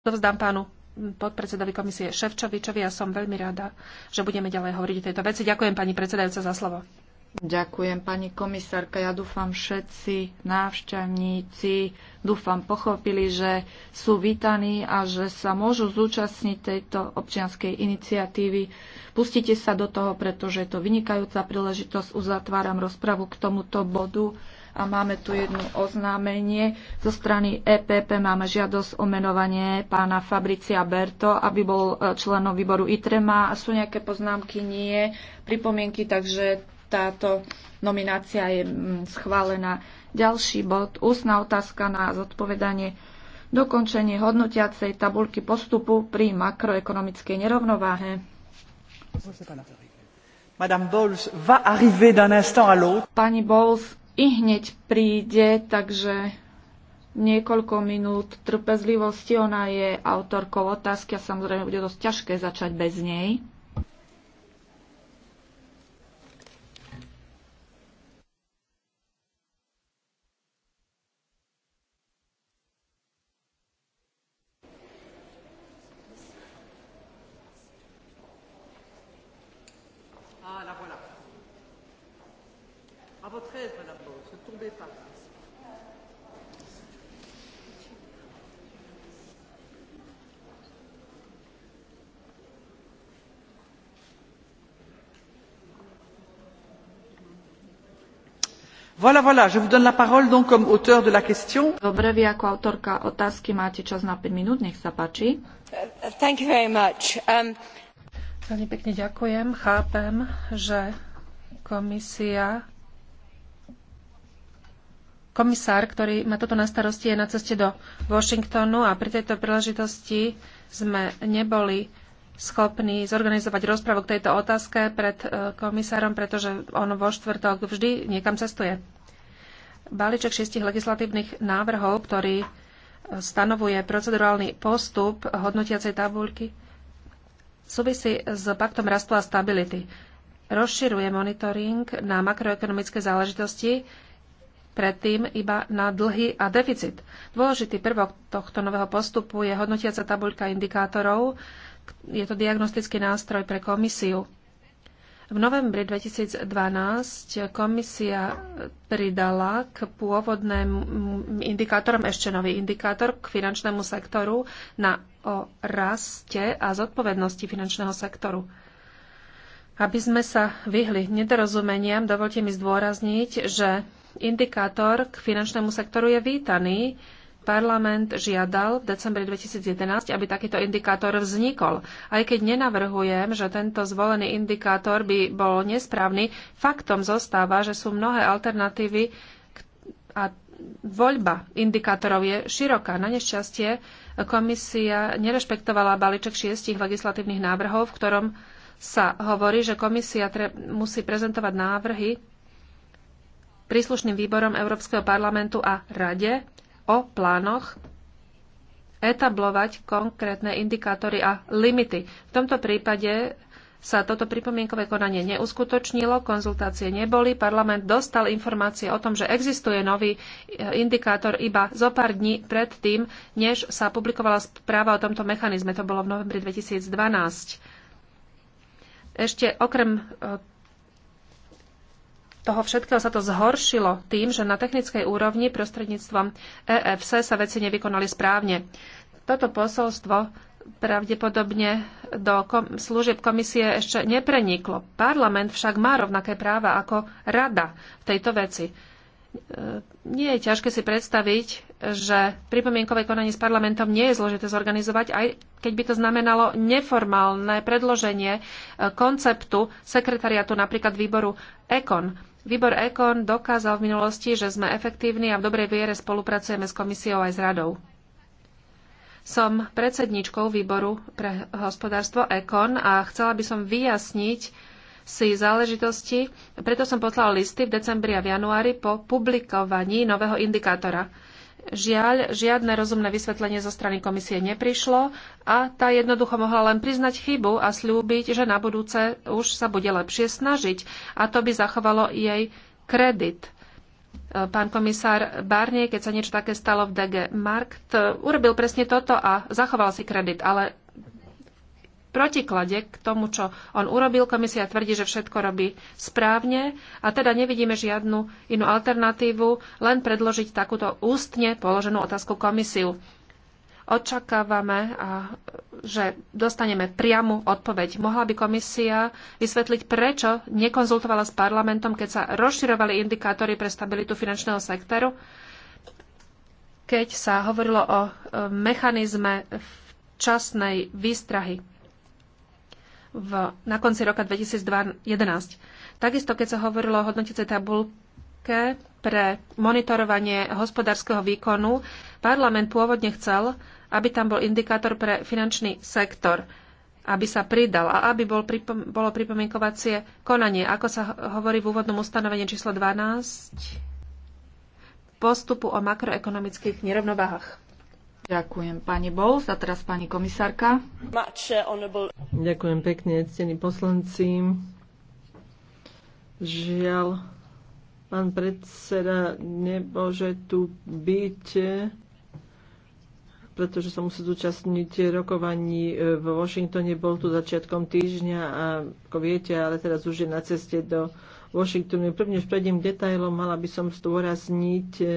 dovzdám pánu podpredsedovi komisie Ševčovičovi a som veľmi rada, že budeme ďalej hovoriť o tejto veci. Ďakujem pani predsedajúca za slovo. Ďakujem pani komisárka. Ja dúfam všetci návštevníci, dúfam pochopili, že sú vítaní a že sa môžu zúčastniť tejto občianskej iniciatívy. Pustite sa do toho, pretože je to vynikajúca príležitosť. Uzatváram rozpravu k tomuto bodu a máme tu jedno oznámenie. Zo strany EPP máme žiadosť o menovanie pána Fabricia Berto, aby bol e, členom výboru ITREMA. a Sú nejaké poznámky? Nie. Pripomienky, takže táto nominácia je mm, schválená. Ďalší bod, ústna otázka na zodpovedanie dokončenie hodnotiacej tabulky postupu pri makroekonomickej nerovnováhe. Madame Bowles va arriver d'un instant à l'autre. Pani Bowles i hneď príde, takže niekoľko minút trpezlivosti. Ona je autorkou otázky a samozrejme bude dosť ťažké začať bez nej. Voilà, voilà, je vous donne la parole donc comme auteur de la question. Dobre, vy ako autorka otázky máte čas na 5 minút, nech sa páči. Thank you very much. Um... Veľmi pekne ďakujem. Chápem, že komisia komisár, ktorý má toto na starosti, je na ceste do Washingtonu a pri tejto príležitosti sme neboli schopní zorganizovať rozpravu k tejto otázke pred e, komisárom, pretože on vo štvrtok vždy niekam cestuje. Balíček šiestich legislatívnych návrhov, ktorý e, stanovuje procedurálny postup hodnotiacej tabuľky, súvisí s paktom rastu a stability. Rozširuje monitoring na makroekonomické záležitosti, predtým iba na dlhy a deficit. Dôležitý prvok tohto nového postupu je hodnotiaca tabuľka indikátorov, je to diagnostický nástroj pre komisiu. V novembri 2012 komisia pridala k pôvodným indikátorom ešte nový indikátor k finančnému sektoru na o raste a zodpovednosti finančného sektoru. Aby sme sa vyhli nedorozumeniam, dovolte mi zdôrazniť, že indikátor k finančnému sektoru je vítaný, Parlament žiadal v decembri 2011, aby takýto indikátor vznikol. Aj keď nenavrhujem, že tento zvolený indikátor by bol nesprávny, faktom zostáva, že sú mnohé alternatívy a voľba indikátorov je široká. Na nešťastie komisia nerešpektovala balíček šiestich legislatívnych návrhov, v ktorom sa hovorí, že komisia tre- musí prezentovať návrhy príslušným výborom Európskeho parlamentu a Rade o plánoch etablovať konkrétne indikátory a limity. V tomto prípade sa toto pripomienkové konanie neuskutočnilo, konzultácie neboli, parlament dostal informácie o tom, že existuje nový e, indikátor iba zo pár dní pred tým, než sa publikovala správa o tomto mechanizme. To bolo v novembri 2012. Ešte okrem e, toho všetkého sa to zhoršilo tým, že na technickej úrovni prostredníctvom EFC sa veci nevykonali správne. Toto posolstvo pravdepodobne do kom- služieb komisie ešte nepreniklo. Parlament však má rovnaké práva ako rada v tejto veci. E, nie je ťažké si predstaviť, že pripomienkové konanie s parlamentom nie je zložité zorganizovať, aj keď by to znamenalo neformálne predloženie e, konceptu sekretariatu napríklad výboru EKON Výbor EKON dokázal v minulosti, že sme efektívni a v dobrej viere spolupracujeme s komisiou aj s radou. Som predsedničkou výboru pre hospodárstvo EKON a chcela by som vyjasniť si záležitosti, preto som poslala listy v decembri a v januári po publikovaní nového indikátora. Žiaľ, žiadne rozumné vysvetlenie zo strany komisie neprišlo a tá jednoducho mohla len priznať chybu a slúbiť, že na budúce už sa bude lepšie snažiť a to by zachovalo jej kredit. E, pán komisár Barnier, keď sa niečo také stalo v DG Markt, e, urobil presne toto a zachoval si kredit, ale protiklade k tomu, čo on urobil. Komisia tvrdí, že všetko robí správne a teda nevidíme žiadnu inú alternatívu, len predložiť takúto ústne položenú otázku komisiu. Očakávame, že dostaneme priamu odpoveď. Mohla by komisia vysvetliť, prečo nekonzultovala s parlamentom, keď sa rozširovali indikátory pre stabilitu finančného sektoru, keď sa hovorilo o e, mechanizme včasnej výstrahy v, na konci roka 2011. Takisto, keď sa hovorilo o hodnoticej tabulke pre monitorovanie hospodárskeho výkonu, parlament pôvodne chcel, aby tam bol indikátor pre finančný sektor, aby sa pridal a aby bol pripom- bolo pripomienkovacie konanie, ako sa hovorí v úvodnom ustanovení číslo 12 postupu o makroekonomických nerovnováhach. Ďakujem pani Bols a teraz pani komisárka. Uh, Ďakujem pekne, ctení poslanci. Žiaľ, pán predseda nebože tu byť, pretože som musel zúčastniť rokovaní e, v Washingtone. Bol tu začiatkom týždňa a ako viete, ale teraz už je na ceste do Washingtonu. Prvne, než prejdem k detailom, mala by som zdôrazniť, e,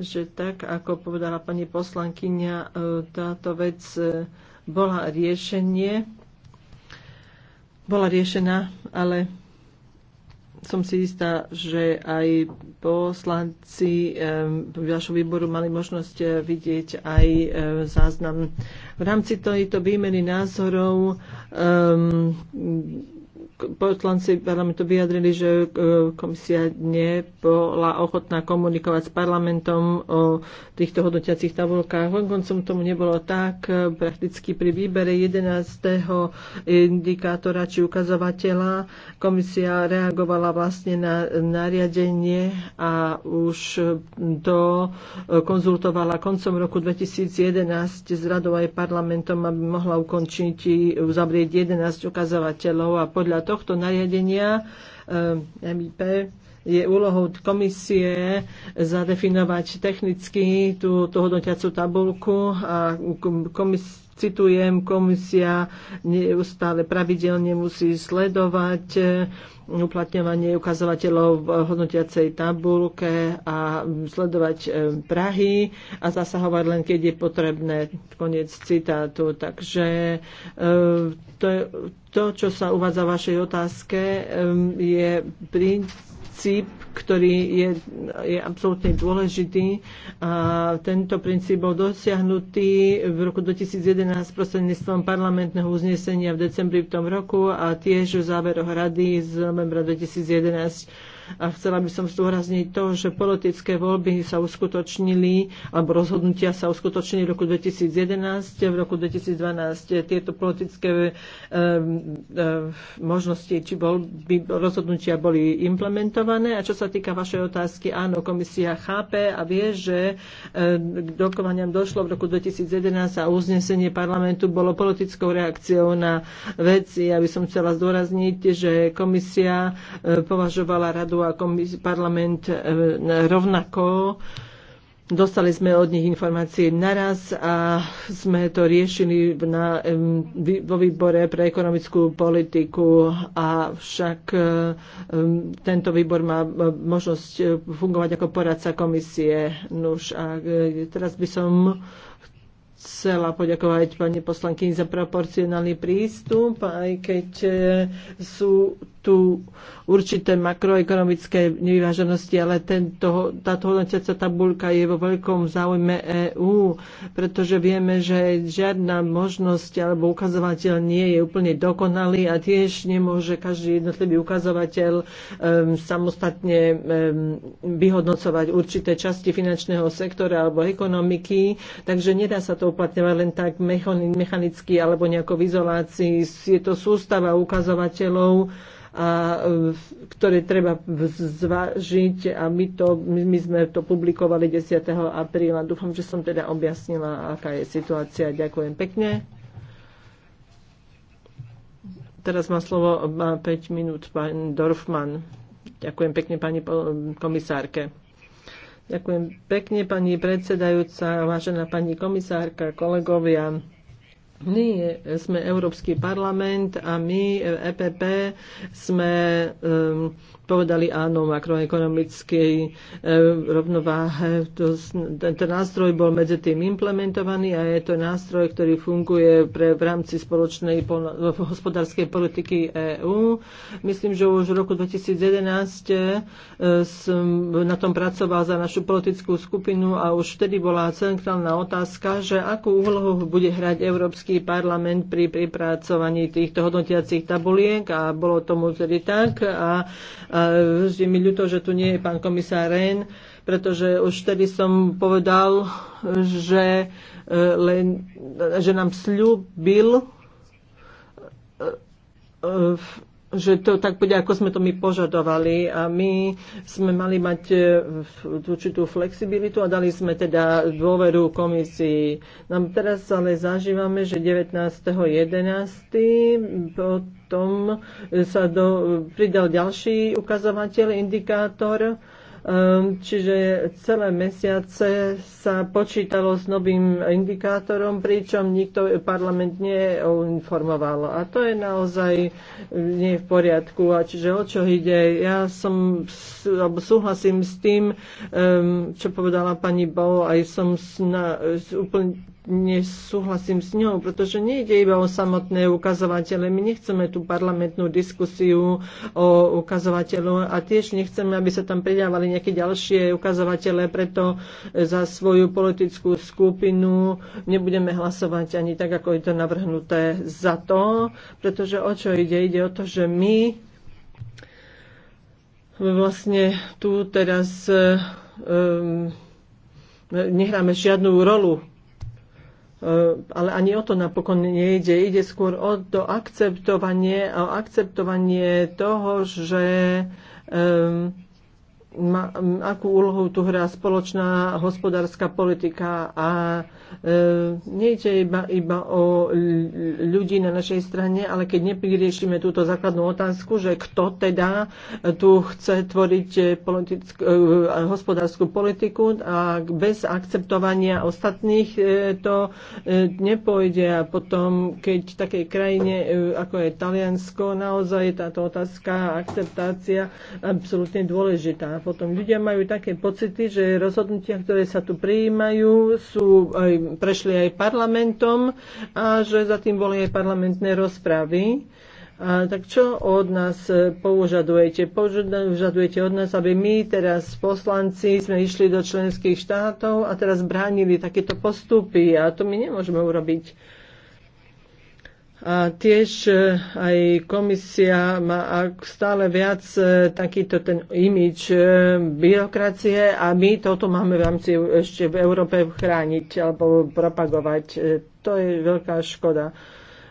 že tak, ako povedala pani poslankyňa, e, táto vec e, bola riešenie, bola riešená, ale som si istá, že aj poslanci e, vašho výboru mali možnosť vidieť aj záznam. V rámci tejto výmeny názorov um, poslanci parlamentu vyjadrili, že e, komisia nebola ochotná komunikovať s parlamentom o týchto hodnotiacich tabulkách. Vonkoncom tomu nebolo tak. Prakticky pri výbere 11. indikátora či ukazovateľa komisia reagovala vlastne na nariadenie a už to konzultovala koncom roku 2011 s radou aj parlamentom, aby mohla ukončiť, uzavrieť 11 ukazovateľov a podľa tohto tohto nariadenia eh, MIP je úlohou komisie zadefinovať technicky tú, tú hodnotiacu tabulku a komis, citujem, komisia neustále pravidelne musí sledovať eh, uplatňovanie ukazovateľov v hodnotiacej tabulke a sledovať eh, Prahy a zasahovať len, keď je potrebné. Koniec citátu. Takže eh, to, to čo sa uvádza v vašej otázke, je princíp princíp, ktorý je, je absolútne dôležitý. A tento princíp bol dosiahnutý v roku 2011 prostredníctvom parlamentného uznesenia v decembri v tom roku a tiež v záveroch rady z novembra 2011 a chcela by som zdôrazniť to, že politické voľby sa uskutočnili, alebo rozhodnutia sa uskutočnili v roku 2011, v roku 2012 tieto politické e, e, možnosti či voľby, rozhodnutia boli implementované. A čo sa týka vašej otázky, áno, komisia chápe a vie, že e, dokovaniam došlo v roku 2011 a uznesenie parlamentu bolo politickou reakciou na veci. Ja by som chcela zdôrazniť, že komisia e, považovala radu a komis- parlament e, rovnako. Dostali sme od nich informácie naraz a sme to riešili na, e, vo výbore pre ekonomickú politiku a však e, tento výbor má možnosť fungovať ako poradca komisie. Nuž a teraz by som chcela poďakovať pani poslankyni za proporcionálny prístup, aj keď e, sú tu určité makroekonomické nevyváženosti, ale tento, táto hodnotiaca tabulka je vo veľkom záujme EÚ, pretože vieme, že žiadna možnosť alebo ukazovateľ nie je úplne dokonalý a tiež nemôže každý jednotlivý ukazovateľ um, samostatne um, vyhodnocovať určité časti finančného sektora alebo ekonomiky, takže nedá sa to uplatňovať len tak mechanicky alebo nejako v izolácii. Je to sústava ukazovateľov, a, ktoré treba zvážiť a my, to, my sme to publikovali 10. apríla. Dúfam, že som teda objasnila, aká je situácia. Ďakujem pekne. Teraz má slovo má 5 minút pán Dorfman. Ďakujem pekne pani komisárke. Ďakujem pekne, pani predsedajúca, vážená pani komisárka, kolegovia. My sme Európsky parlament a my EPP sme um, povedali áno makroekonomickej e, rovnováhe. To, tento nástroj bol medzi tým implementovaný a je to nástroj, ktorý funguje pre, v rámci spoločnej hospodárskej politiky EÚ. Myslím, že už v roku 2011 e, som na tom pracoval za našu politickú skupinu a už vtedy bola centrálna otázka, že akú úlohu bude hrať Európsky parlament pri pripracovaní týchto hodnotiacich tabuliek a bolo tomu tedy tak a, a a je mi ľúto, že tu nie je pán komisár Rehn, pretože už vtedy som povedal, že, e, len, e, že nám sľúbil e, že to tak bude, ako sme to my požadovali a my sme mali mať e, určitú flexibilitu a dali sme teda dôveru komisii. Nám teraz ale zažívame, že 19.11. potom sa do, pridal ďalší ukazovateľ, indikátor Ehm, čiže celé mesiace sa počítalo s novým indikátorom, pričom nikto parlament neinformoval. A to je naozaj eh, nie v poriadku. A čiže o čo ide? Ja som, súhlasím s tým, ehm, čo povedala pani Bo, aj som na, úplne nesúhlasím s ňou, pretože nejde iba o samotné ukazovatele. My nechceme tú parlamentnú diskusiu o ukazovateľu a tiež nechceme, aby sa tam pridávali nejaké ďalšie ukazovatele, preto za svoju politickú skupinu nebudeme hlasovať ani tak, ako je to navrhnuté za to, pretože o čo ide? Ide o to, že my vlastne tu teraz um, nehráme žiadnu rolu Eh, ale ani o to napokon nejde. Ide skôr o to akceptovanie, o akceptovanie toho, že um, ma, akú úlohu tu hrá spoločná hospodárska politika a e, nejde iba, iba o ľudí na našej strane, ale keď nepriešime túto základnú otázku, že kto teda tu chce tvoriť e, politick, e, hospodárskú politiku a bez akceptovania ostatných e, to e, nepôjde a potom, keď v takej krajine e, ako je Taliansko, naozaj táto otázka akceptácia absolútne dôležitá a potom ľudia majú také pocity, že rozhodnutia, ktoré sa tu prijímajú, sú aj, prešli aj parlamentom a že za tým boli aj parlamentné rozpravy. A tak čo od nás požadujete? Požadujete od nás, aby my teraz poslanci sme išli do členských štátov a teraz bránili takéto postupy a to my nemôžeme urobiť a tiež e, aj komisia má stále viac e, takýto ten imič e, byrokracie a my toto máme v rámci ešte v Európe chrániť alebo propagovať. To je veľká škoda.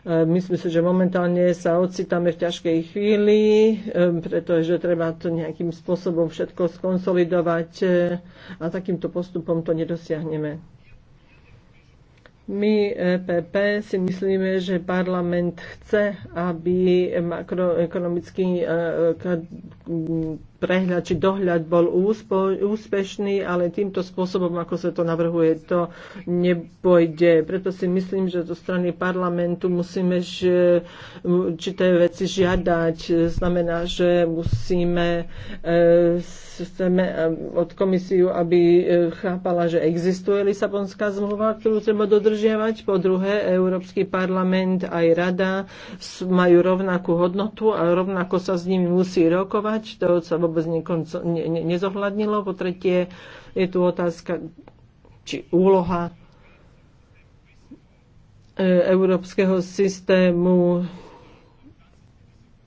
Myslím si, že momentálne sa ocitáme v ťažkej chvíli, pretože treba to nejakým spôsobom všetko skonsolidovať a takýmto postupom to nedosiahneme. My EPP si myslíme, že parlament chce, aby makroekonomický e, e, prehľad či dohľad bol úspo, úspešný, ale týmto spôsobom, ako sa to navrhuje, to nepojde. Preto si myslím, že zo strany parlamentu musíme že, určité veci žiadať. Znamená, že musíme e, chceme e, od komisiu, aby e, chápala, že existuje Lisabonská zmluva, ktorú treba dodržiavať. Po druhé, Európsky parlament aj rada majú rovnakú hodnotu a rovnako sa s nimi musí rokovať mať, to sa vôbec nekonco, ne, ne, nezohľadnilo. Po tretie je tu otázka, či úloha e, európskeho systému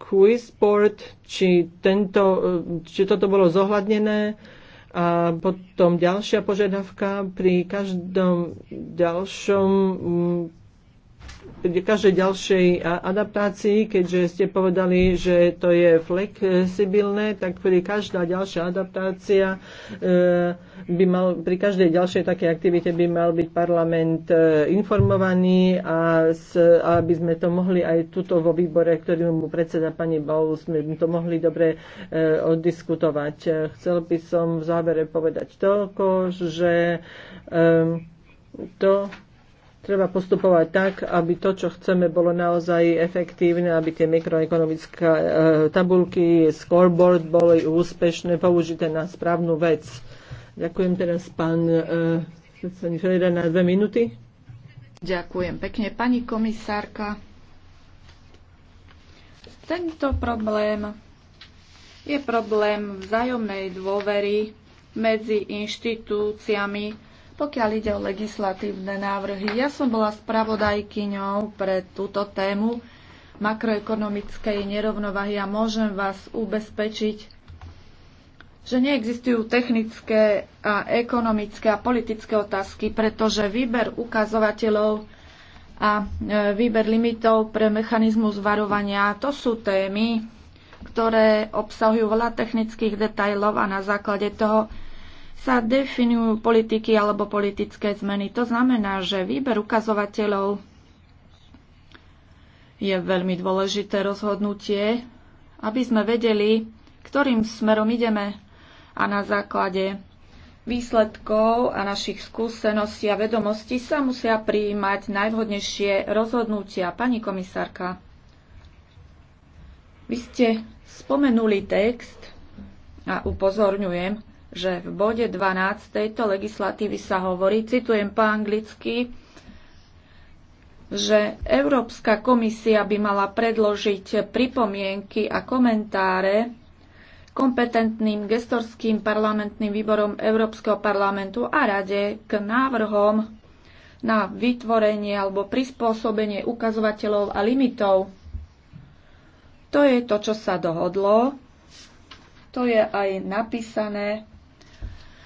Quizport, či, tento, e, či toto bolo zohľadnené. A potom ďalšia požiadavka pri každom ďalšom každej ďalšej adaptácii, keďže ste povedali, že to je flexibilné, tak pri každá ďalšia adaptácia e, by mal, pri každej ďalšej takej aktivite by mal byť parlament e, informovaný a s, aby sme to mohli aj tuto vo výbore, ktorým mu predseda pani Bau, sme to mohli dobre e, oddiskutovať. Chcel by som v závere povedať toľko, že to treba postupovať tak, aby to, čo chceme, bolo naozaj efektívne, aby tie mikroekonomické e, tabulky, scoreboard boli úspešné, použité na správnu vec. Ďakujem teraz pán e, Ferreira na dve minúty. Ďakujem pekne. Pani komisárka, tento problém je problém vzájomnej dôvery medzi inštitúciami, pokiaľ ide o legislatívne návrhy, ja som bola spravodajkyňou pre túto tému makroekonomickej nerovnovahy a môžem vás ubezpečiť, že neexistujú technické a ekonomické a politické otázky, pretože výber ukazovateľov a e, výber limitov pre mechanizmus varovania, to sú témy, ktoré obsahujú veľa technických detajlov a na základe toho sa definujú politiky alebo politické zmeny. To znamená, že výber ukazovateľov je veľmi dôležité rozhodnutie, aby sme vedeli, ktorým smerom ideme a na základe výsledkov a našich skúseností a vedomostí sa musia prijímať najvhodnejšie rozhodnutia. Pani komisárka, vy ste spomenuli text a upozorňujem, že v bode 12 tejto legislatívy sa hovorí, citujem po anglicky, že Európska komisia by mala predložiť pripomienky a komentáre kompetentným gestorským parlamentným výborom Európskeho parlamentu a rade k návrhom na vytvorenie alebo prispôsobenie ukazovateľov a limitov. To je to, čo sa dohodlo. To je aj napísané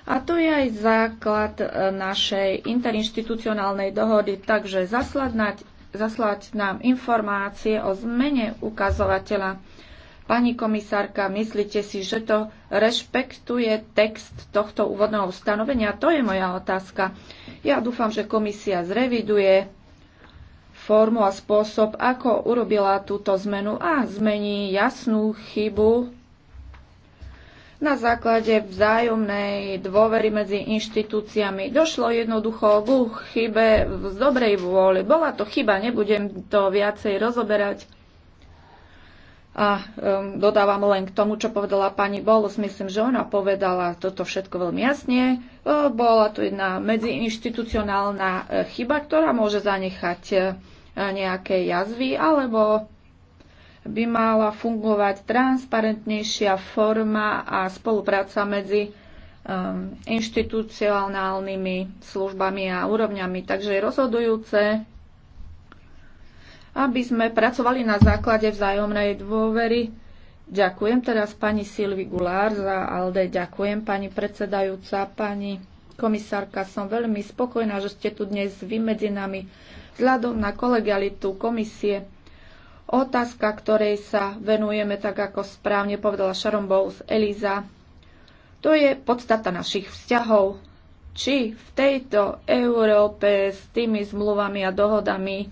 a to je aj základ e, našej interinstitucionálnej dohody, takže zasladnať, zaslať nám informácie o zmene ukazovateľa. Pani komisárka, myslíte si, že to rešpektuje text tohto úvodného ustanovenia? To je moja otázka. Ja dúfam, že komisia zreviduje formu a spôsob, ako urobila túto zmenu a zmení jasnú chybu na základe vzájomnej dôvery medzi inštitúciami. Došlo jednoducho k chybe z dobrej vôle. Bola to chyba, nebudem to viacej rozoberať. A um, dodávam len k tomu, čo povedala pani Bolus. Myslím, že ona povedala toto všetko veľmi jasne. Bola to jedna medziinštitucionálna e, chyba, ktorá môže zanechať e, nejaké jazvy alebo by mala fungovať transparentnejšia forma a spolupráca medzi um, inštitucionálnymi službami a úrovňami. Takže je rozhodujúce, aby sme pracovali na základe vzájomnej dôvery. Ďakujem teraz pani Silvi Gulár za ALDE, ďakujem pani predsedajúca, pani komisárka, som veľmi spokojná, že ste tu dnes vy medzi nami. Vzhľadom na kolegialitu komisie Otázka, ktorej sa venujeme, tak ako správne povedala Sharon Bowles Eliza, to je podstata našich vzťahov. Či v tejto Európe s tými zmluvami a dohodami,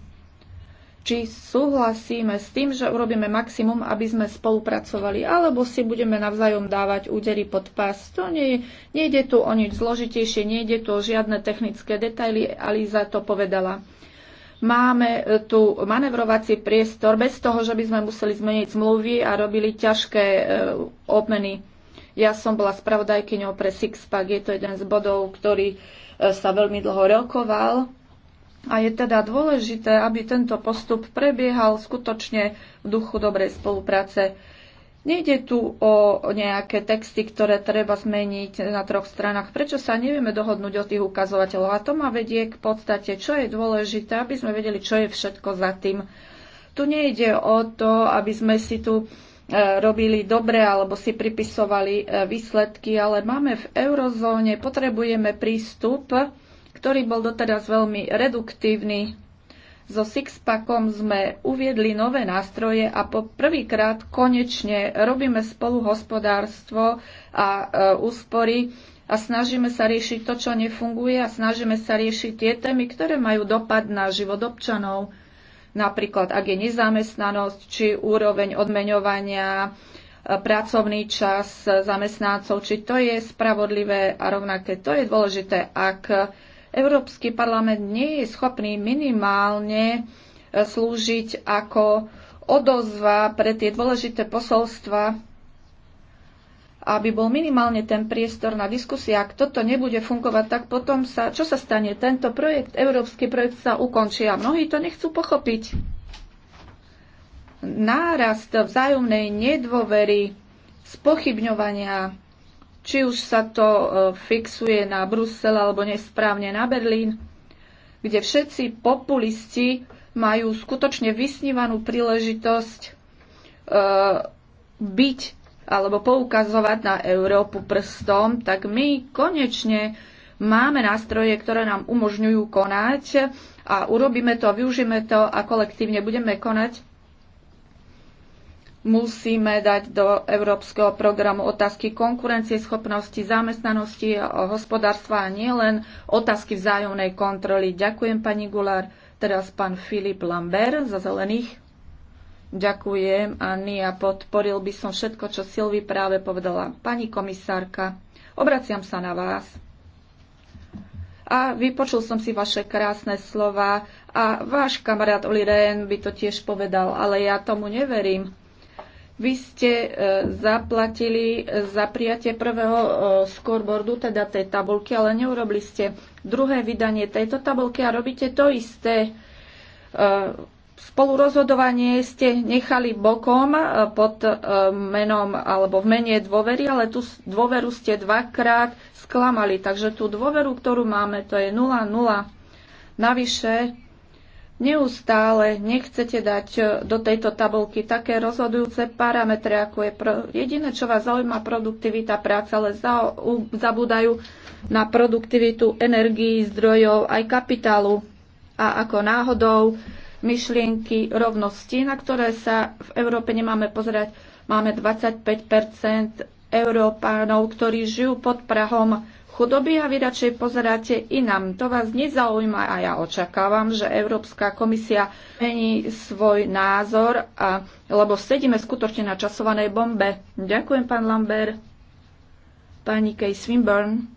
či súhlasíme s tým, že urobíme maximum, aby sme spolupracovali, alebo si budeme navzájom dávať údery pod pás. To nie, nejde tu o nič zložitejšie, nejde tu o žiadne technické detaily, Aliza to povedala. Máme e, tu manevrovací priestor bez toho, že by sme museli zmeniť zmluvy a robili ťažké e, obmeny. Ja som bola spravodajkyňou pre Sixpack, je to jeden z bodov, ktorý e, sa veľmi dlho rokoval. A je teda dôležité, aby tento postup prebiehal skutočne v duchu dobrej spolupráce. Nejde tu o nejaké texty, ktoré treba zmeniť na troch stranách. Prečo sa nevieme dohodnúť o tých ukazovateľov? A to ma vedie k podstate, čo je dôležité, aby sme vedeli, čo je všetko za tým. Tu nejde o to, aby sme si tu e, robili dobre alebo si pripisovali e, výsledky, ale máme v eurozóne, potrebujeme prístup, ktorý bol doteraz veľmi reduktívny, so Sixpackom sme uviedli nové nástroje a po prvýkrát konečne robíme spolu hospodárstvo a e, úspory a snažíme sa riešiť to, čo nefunguje a snažíme sa riešiť tie témy, ktoré majú dopad na život občanov. Napríklad, ak je nezamestnanosť, či úroveň odmeňovania, e, pracovný čas zamestnancov, či to je spravodlivé a rovnaké. To je dôležité, ak Európsky parlament nie je schopný minimálne e, slúžiť ako odozva pre tie dôležité posolstva, aby bol minimálne ten priestor na diskusie. Ak toto nebude fungovať, tak potom sa, čo sa stane? Tento projekt, európsky projekt sa ukončí a mnohí to nechcú pochopiť. Nárast vzájomnej nedôvery, spochybňovania či už sa to e, fixuje na Brusel alebo nesprávne na Berlín, kde všetci populisti majú skutočne vysnívanú príležitosť e, byť alebo poukazovať na Európu prstom, tak my konečne máme nástroje, ktoré nám umožňujú konať a urobíme to, využijeme to a kolektívne budeme konať musíme dať do európskeho programu otázky konkurencie, schopnosti, zamestnanosti, hospodárstva a nielen otázky vzájomnej kontroly. Ďakujem, pani Gulár. Teraz pán Filip Lambert za Zelených. Ďakujem, Ani, a podporil by som všetko, čo Silvi práve povedala. Pani komisárka, obraciam sa na vás. A vypočul som si vaše krásne slova a váš kamarát Oli Rehn by to tiež povedal, ale ja tomu neverím. Vy ste e, zaplatili za prijatie prvého e, scoreboardu, teda tej tabulky, ale neurobili ste druhé vydanie tejto tabulky a robíte to isté. E, spolurozhodovanie ste nechali bokom pod menom alebo v mene dôvery, ale tú dôveru ste dvakrát sklamali. Takže tú dôveru, ktorú máme, to je 0,0. Navyše neustále nechcete dať e, do tejto tabulky také rozhodujúce parametre, ako je pro... jediné, čo vás zaujíma produktivita práce, ale za... u... zabúdajú na produktivitu energií, zdrojov, aj kapitálu. A ako náhodou myšlienky rovnosti, na ktoré sa v Európe nemáme pozerať, máme 25 Európánov, ktorí žijú pod Prahom chudoby a vy radšej pozeráte inám. To vás nezaujíma a ja očakávam, že Európska komisia mení svoj názor, a, lebo sedíme skutočne na časovanej bombe. Ďakujem, pán Lambert. Pani Kay Swinburne.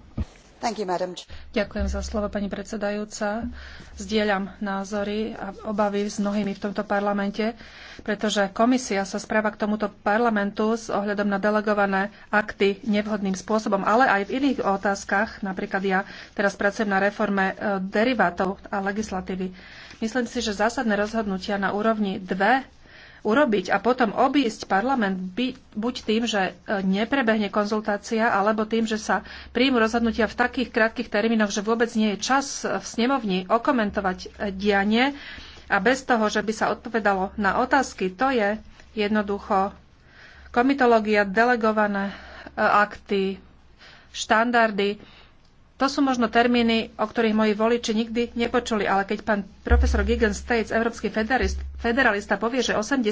Ďakujem za slovo, pani predsedajúca. Zdieľam názory a obavy s mnohými v tomto parlamente, pretože komisia sa správa k tomuto parlamentu s ohľadom na delegované akty nevhodným spôsobom, ale aj v iných otázkach. Napríklad ja teraz pracujem na reforme e, derivátov a legislatívy. Myslím si, že zásadné rozhodnutia na úrovni 2 urobiť a potom obísť parlament buď tým, že e, neprebehne konzultácia, alebo tým, že sa príjmu rozhodnutia v takých krátkých termínoch, že vôbec nie je čas e, v snemovni okomentovať e, dianie a bez toho, že by sa odpovedalo na otázky, to je jednoducho komitológia, delegované akty, štandardy to sú možno termíny, o ktorých moji voliči nikdy nepočuli, ale keď pán profesor Gigan States, európsky federalist, federalista, povie, že 80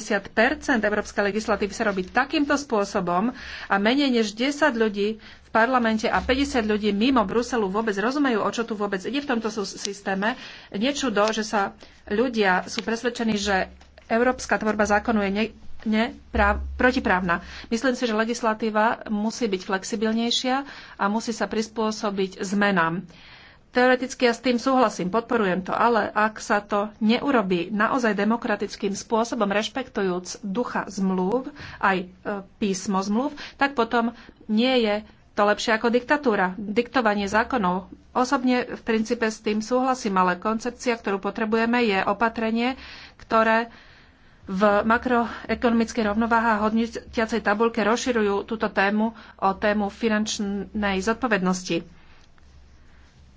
európskej legislatívy sa robí takýmto spôsobom a menej než 10 ľudí v parlamente a 50 ľudí mimo Bruselu vôbec rozumejú, o čo tu vôbec ide v tomto systéme, nečudo, že sa ľudia sú presvedčení, že európska tvorba zákonu je práv, protiprávna. Myslím si, že legislatíva musí byť flexibilnejšia a musí sa prispôsobiť zmenám. Teoreticky ja s tým súhlasím, podporujem to, ale ak sa to neurobí naozaj demokratickým spôsobom, rešpektujúc ducha zmluv, aj e, písmo zmluv, tak potom nie je to lepšie ako diktatúra, diktovanie zákonov. Osobne v princípe s tým súhlasím, ale koncepcia, ktorú potrebujeme, je opatrenie, ktoré v makroekonomickej rovnováhe a hodnotiacej tabulke rozširujú túto tému o tému finančnej zodpovednosti.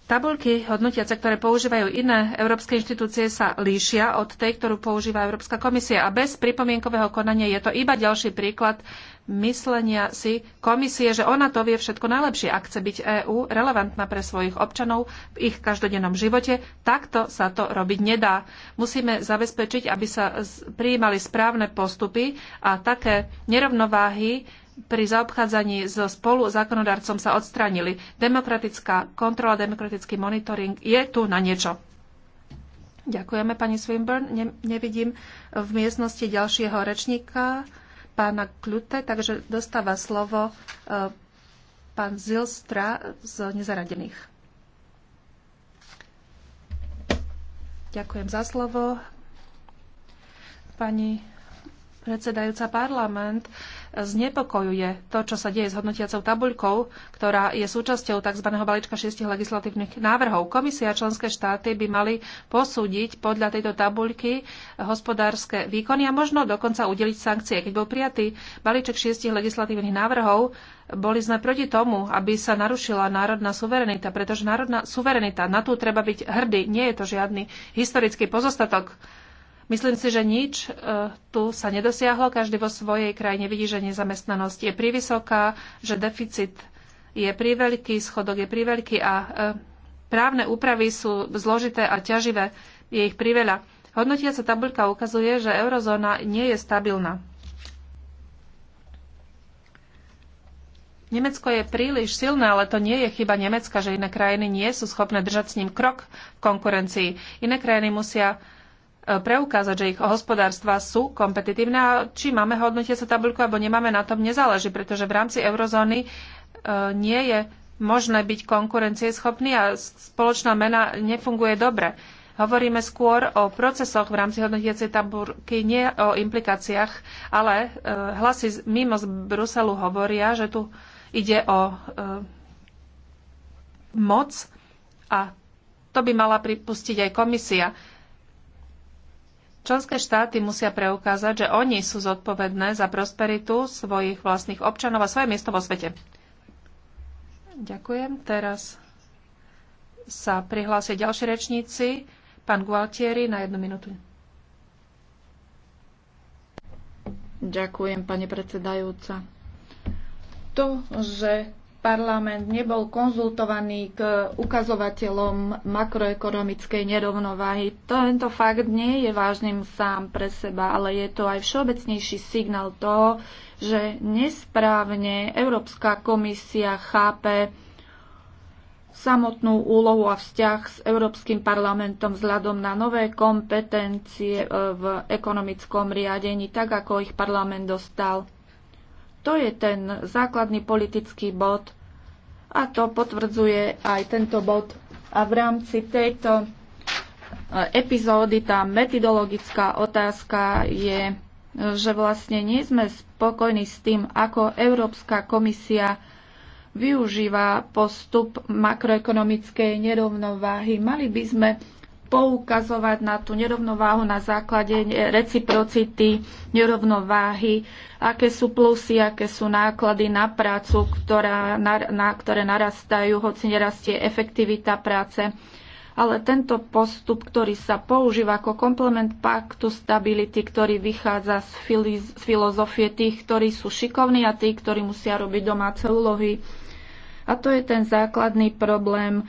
Tabulky hodnotiace, ktoré používajú iné európske inštitúcie, sa líšia od tej, ktorú používa Európska komisia. A bez pripomienkového konania je to iba ďalší príklad myslenia si komisie, že ona to vie všetko najlepšie, ak chce byť EÚ relevantná pre svojich občanov v ich každodennom živote. Takto sa to robiť nedá. Musíme zabezpečiť, aby sa prijímali správne postupy a také nerovnováhy pri zaobchádzaní so spolu zákonodarcom sa odstránili. Demokratická kontrola, demokratický monitoring je tu na niečo. Ďakujeme pani Swinburne. Ne, nevidím v miestnosti ďalšieho rečníka pána Klute, takže dostáva slovo e, pán Zilstra z nezaradených. Ďakujem za slovo. Pani predsedajúca parlament znepokojuje to, čo sa deje s hodnotiacou tabuľkou, ktorá je súčasťou tzv. balíčka šiestich legislatívnych návrhov. Komisia a členské štáty by mali posúdiť podľa tejto tabuľky hospodárske výkony a možno dokonca udeliť sankcie. Keď bol prijatý balíček šiestich legislatívnych návrhov, boli sme proti tomu, aby sa narušila národná suverenita, pretože národná suverenita, na tú treba byť hrdý, nie je to žiadny historický pozostatok Myslím si, že nič e, tu sa nedosiahlo. Každý vo svojej krajine vidí, že nezamestnanosť je prívysoká, že deficit je príveľký, schodok je príveľký a e, právne úpravy sú zložité a ťaživé. Je ich priveľa. Hodnotiaca tabuľka ukazuje, že eurozóna nie je stabilná. Nemecko je príliš silné, ale to nie je chyba Nemecka, že iné krajiny nie sú schopné držať s ním krok v konkurencii. Iné krajiny musia preukázať, že ich hospodárstva sú kompetitívne a či máme sa tabuľku alebo nemáme, na tom nezáleží, pretože v rámci eurozóny e, nie je možné byť konkurencieschopný a spoločná mena nefunguje dobre. Hovoríme skôr o procesoch v rámci hodnotiacej tabúrky, nie o implikáciách, ale e, hlasy mimo z Bruselu hovoria, že tu ide o e, moc a to by mala pripustiť aj komisia. Členské štáty musia preukázať, že oni sú zodpovedné za prosperitu svojich vlastných občanov a svoje miesto vo svete. Ďakujem. Teraz sa prihlásia ďalší rečníci. Pán Gualtieri na jednu minútu. Ďakujem, pani predsedajúca. To, že parlament nebol konzultovaný k ukazovateľom makroekonomickej nerovnováhy. Tento fakt nie je vážnym sám pre seba, ale je to aj všeobecnejší signál toho, že nesprávne Európska komisia chápe samotnú úlohu a vzťah s Európskym parlamentom vzhľadom na nové kompetencie e, v ekonomickom riadení, tak ako ich parlament dostal. To je ten základný politický bod a to potvrdzuje aj tento bod. A v rámci tejto eh, epizódy tá metodologická otázka je, eh, že vlastne nie sme spokojní s tým, ako Európska komisia využíva postup makroekonomickej nerovnováhy. Mali by sme poukazovať na tú nerovnováhu na základe reciprocity, nerovnováhy, aké sú plusy, aké sú náklady na prácu, ktorá, na, na, ktoré narastajú, hoci nerastie efektivita práce. Ale tento postup, ktorý sa používa ako komplement paktu stability, ktorý vychádza z, fili- z filozofie tých, ktorí sú šikovní a tí, ktorí musia robiť domáce úlohy. A to je ten základný problém,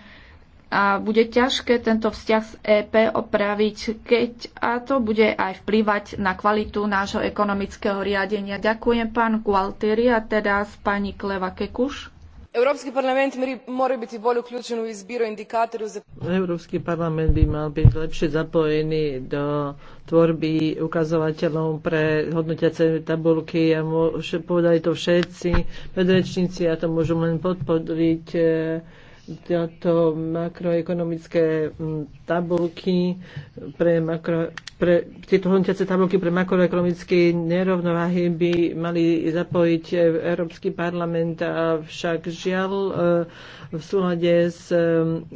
a bude ťažké tento vzťah s EP opraviť, keď a to bude aj vplývať na kvalitu nášho ekonomického riadenia. Ďakujem pán Gualtieri a teraz pani Kleva Kekuš. Európsky parlament mora byť bolj vključen v indikátorov. za... Európsky parlament by mal byť lepšie zapojený do tvorby ukazovateľov pre hodnotiace tabulky a môže povedali to všetci predrečníci a to môžu len podporiť eh, tieto makroekonomické mm, tabulky pre, makro, pre tieto hodnotiace tabulky pre makroekonomické nerovnováhy by mali zapojiť Európsky parlament, avšak žiaľ eh, v súlade s eh,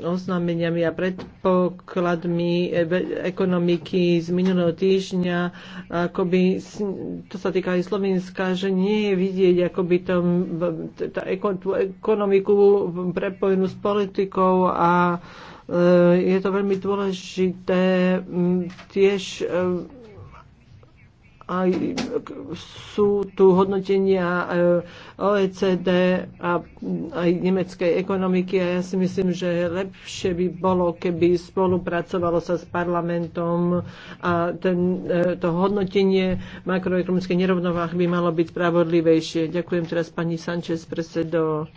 oznámeniami a predpokladmi ekonomiky z minulého týždňa, akoby, to sa týka aj Slovenska, že nie je vidieť, akoby tam tá ekonomiku prepojenú s politikou a e, je to veľmi dôležité tiež e, aj sú tu hodnotenia e, OECD a aj nemeckej ekonomiky a ja si myslím, že lepšie by bolo, keby spolupracovalo sa s parlamentom a ten, to hodnotenie makroekonomickej nerovnováh by malo byť spravodlivejšie. Ďakujem teraz pani Sanchez, predsedo.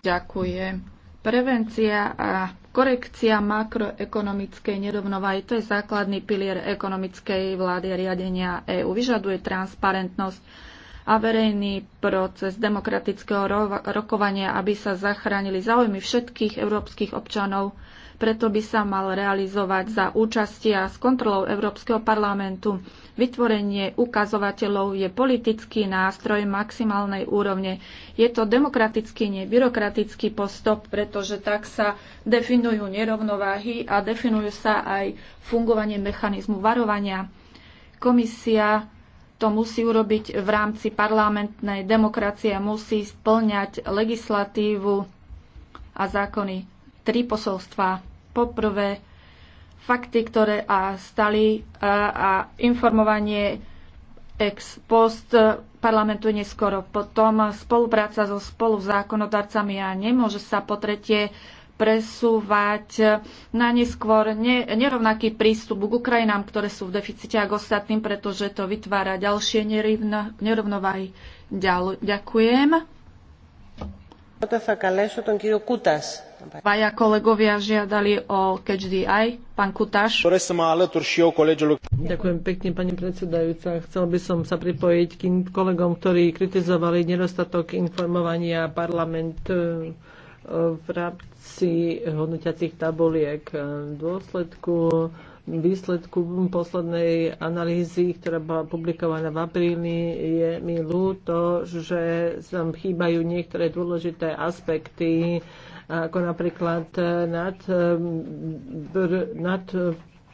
Ďakujem. Prevencia a korekcia makroekonomickej nerovnováhy, to je základný pilier ekonomickej vlády a riadenia EÚ. Vyžaduje transparentnosť a verejný proces demokratického rokovania, aby sa zachránili záujmy všetkých európskych občanov preto by sa mal realizovať za účasti a s kontrolou Európskeho parlamentu. Vytvorenie ukazovateľov je politický nástroj maximálnej úrovne. Je to demokratický, nebyrokratický postup, pretože tak sa definujú nerovnováhy a definujú sa aj fungovanie mechanizmu varovania. Komisia to musí urobiť v rámci parlamentnej demokracie, musí splňať legislatívu a zákony. Tri posolstva. Poprvé, fakty, ktoré a stali a, a informovanie ex post parlamentu neskoro. Potom spolupráca so spoluzákonodarcami a nemôže sa po tretie presúvať na neskôr ne, nerovnaký prístup k Ukrajinám, ktoré sú v deficite a k ostatným, pretože to vytvára ďalšie nerovnováhy. Ďal, ďakujem. Dvaja kolegovia žiadali o Catch Pán Kutáš. Ďakujem pekne, pani predsedajúca. Chcel by som sa pripojiť k kolegom, ktorí kritizovali nedostatok informovania parlament e, v rámci hodnotiacich tabuliek. E, v dôsledku výsledku poslednej analýzy, ktorá bola publikovaná v apríli, je mi ľúto, že tam chýbajú niektoré dôležité aspekty, ako napríklad nad, nad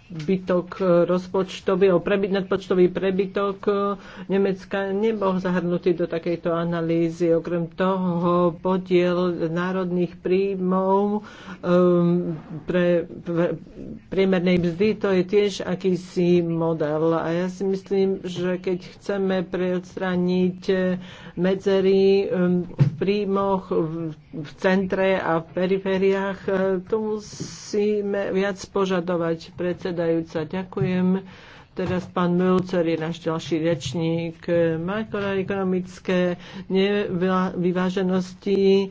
prebytok e, rozpočtový, o prebyt, nadpočtový prebytok e, Nemecka nebol zahrnutý do takejto analýzy. Okrem toho podiel národných príjmov um, pre, pre priemernej mzdy, to je tiež akýsi model. A ja si myslím, že keď chceme preodstraniť medzery um, v príjmoch v, v centre a v perifériách, to musíme viac požadovať predseda predsedajúca. Ďakujem. Teraz pán Mölcer je náš ďalší rečník. Makroekonomické nevyváženosti eh,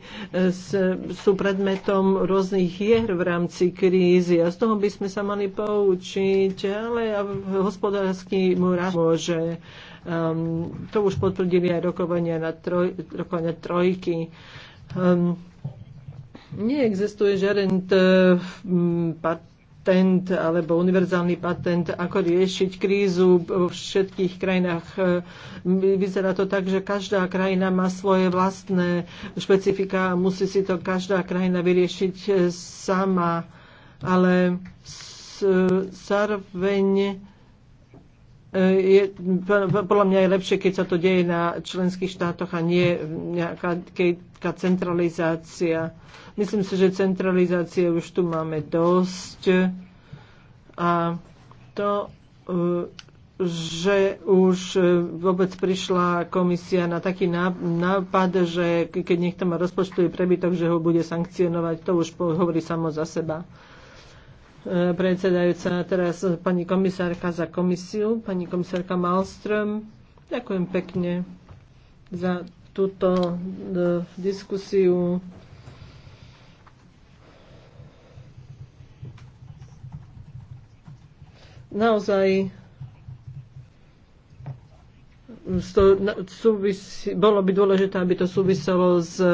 sú predmetom rôznych hier v rámci krízy a z toho by sme sa mali poučiť, ale hospodársky mu môže. Um, to už potvrdili aj rokovania, na troj, rokovania trojky. Um, neexistuje žiaden um, part patent alebo univerzálny patent, ako riešiť krízu vo všetkých krajinách. Vyzerá to tak, že každá krajina má svoje vlastné špecifika a musí si to každá krajina vyriešiť eh, sama, ale zároveň eh, je, podľa mňa je lepšie, keď sa to deje na členských štátoch a nie nejaká, keď tá centralizácia. Myslím si, že centralizácie už tu máme dosť a to, e, že už e, vôbec prišla komisia na taký nápad, že keď niekto má rozpočtový prebytok, že ho bude sankcionovať, to už hovorí samo za seba. E, predsedajúca teraz pani komisárka za komisiu, pani komisárka Malström. Ďakujem pekne za túto e, diskusiu. Naozaj súvis, bolo by dôležité, aby to súviselo s, e,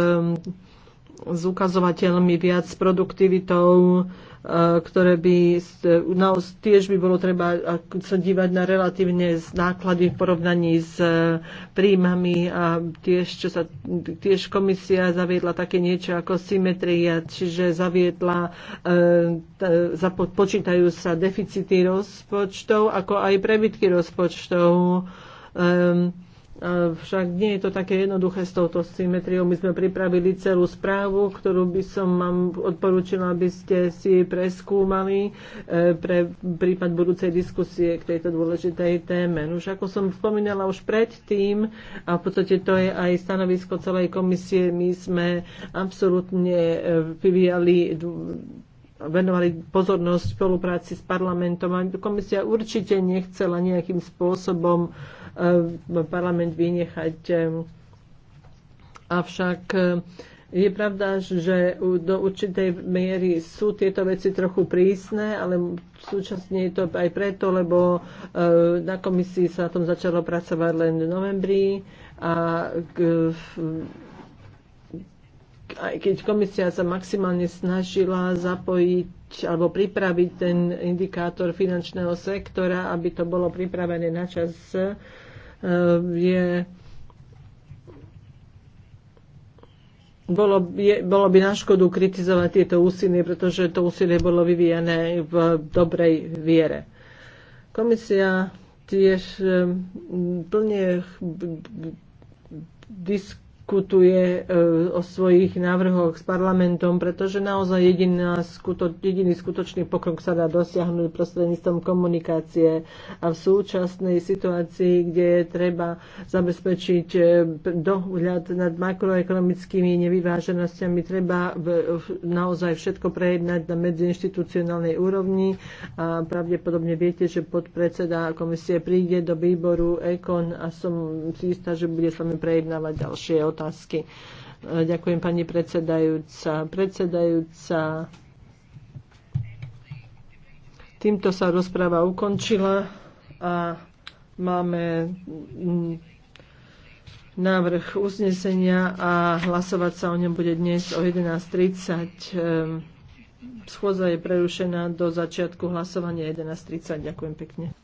s ukazovateľmi viac produktivitou, Eh, ktoré by eh, no, tiež by bolo treba sa dívať na relatívne z náklady v porovnaní s eh, príjmami a tiež, čo sa, tiež komisia zaviedla také niečo ako symetria, čiže zaviedla počítajú sa deficity rozpočtov ako aj prebytky rozpočtov um, však nie je to také jednoduché s touto symetriou. My sme pripravili celú správu, ktorú by som vám odporúčila, aby ste si preskúmali e, pre prípad budúcej diskusie k tejto dôležitej téme. No už ako som spomínala už predtým, a v podstate to je aj stanovisko celej komisie, my sme absolútne e, vyvíjali venovali pozornosť spolupráci s parlamentom. A komisia určite nechcela nejakým spôsobom e, parlament vynechať. Avšak e, je pravda, že do určitej miery sú tieto veci trochu prísne, ale súčasne je to aj preto, lebo e, na komisii sa na tom začalo pracovať len v novembri a aj keď komisia sa maximálne snažila zapojiť alebo pripraviť ten indikátor finančného sektora, aby to bolo pripravené na čas, e, je bolo, je, bolo by na škodu kritizovať tieto úsilie, pretože to úsilie bolo vyvíjane v dobrej viere. Komisia tiež e, plne disk, diskutuje e, o svojich návrhoch s parlamentom, pretože naozaj jediná, skuto, jediný skutočný pokrok sa dá dosiahnuť prostredníctvom komunikácie a v súčasnej situácii, kde je treba zabezpečiť e, dohľad nad makroekonomickými nevyváženostiami, treba naozaj všetko prejednať na medziinstitucionálnej úrovni a pravdepodobne viete, že podpredseda komisie príde do výboru EKON a som si istá, že bude s vami prejednávať ďalšie otázky. Ďakujem pani predsedajúca. Predsedajúca, týmto sa rozpráva ukončila a máme mm, návrh uznesenia a hlasovať sa o ňom bude dnes o 11.30. Ehm, schôdza je prerušená do začiatku hlasovania 11.30. Ďakujem pekne.